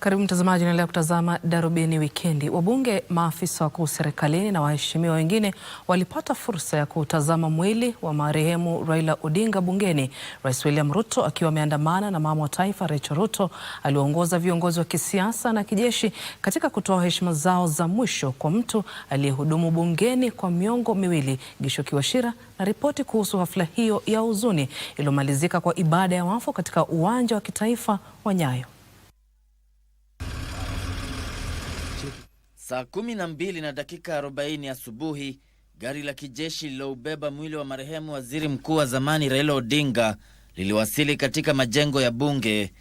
Karibu mtazamaji, unaendelea kutazama Darubini Wikendi. Wabunge, maafisa wakuu serikalini na waheshimiwa wengine walipata fursa ya kutazama mwili wa marehemu Raila Odinga bungeni, Rais William Ruto akiwa ameandamana na mama wa taifa Rachel Ruto aliwaongoza viongozi wa kisiasa na kijeshi katika kutoa heshima zao za mwisho kwa mtu aliyehudumu bungeni kwa miongo miwili. Gisho Kiwashira na ripoti kuhusu hafla hiyo ya huzuni iliyomalizika kwa ibada ya wafu katika uwanja wa kitaifa wa Nyayo. Saa kumi na dakika 40 asubuhi, gari la kijeshi lililoubeba mwili wa marehemu waziri mkuu wa zamani Raila Odinga liliwasili katika majengo ya bunge.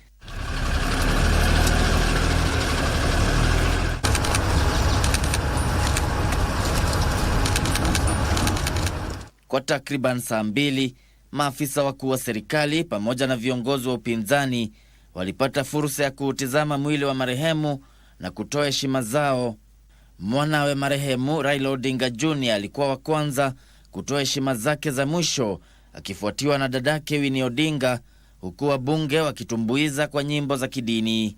Kwa takriban saa mbili, maafisa wakuu wa serikali pamoja na viongozi wa upinzani walipata fursa ya kuutizama mwili wa marehemu na kutoa heshima zao. Mwanawe marehemu Raila Odinga Jr alikuwa wa kwanza kutoa heshima zake za mwisho akifuatiwa na dadake Winnie Odinga, huku wabunge wakitumbuiza kwa nyimbo za kidini.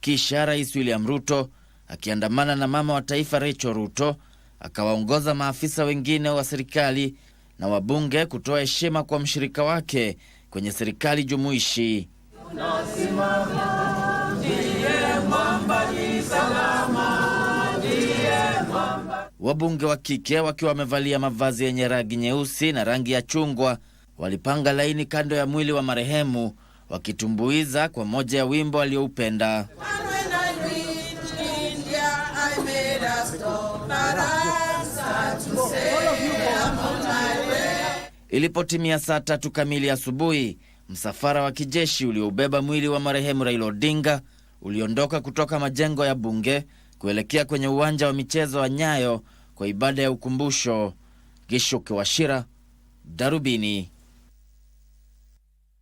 Kisha Rais William Ruto akiandamana na mama wa taifa Rachel Ruto akawaongoza maafisa wengine wa serikali na wabunge kutoa heshima kwa mshirika wake kwenye serikali jumuishi. Wabunge wa kike wakiwa wamevalia mavazi yenye rangi nyeusi na rangi ya chungwa walipanga laini kando ya mwili wa marehemu wakitumbuiza kwa moja ya wimbo aliyoupenda. Ilipotimia saa tatu kamili asubuhi, msafara wa kijeshi ulioubeba mwili wa marehemu Raila Odinga uliondoka kutoka majengo ya bunge kuelekea kwenye uwanja wa michezo wa Nyayo kwa ibada ya ukumbusho. Gishuke Washira, Darubini.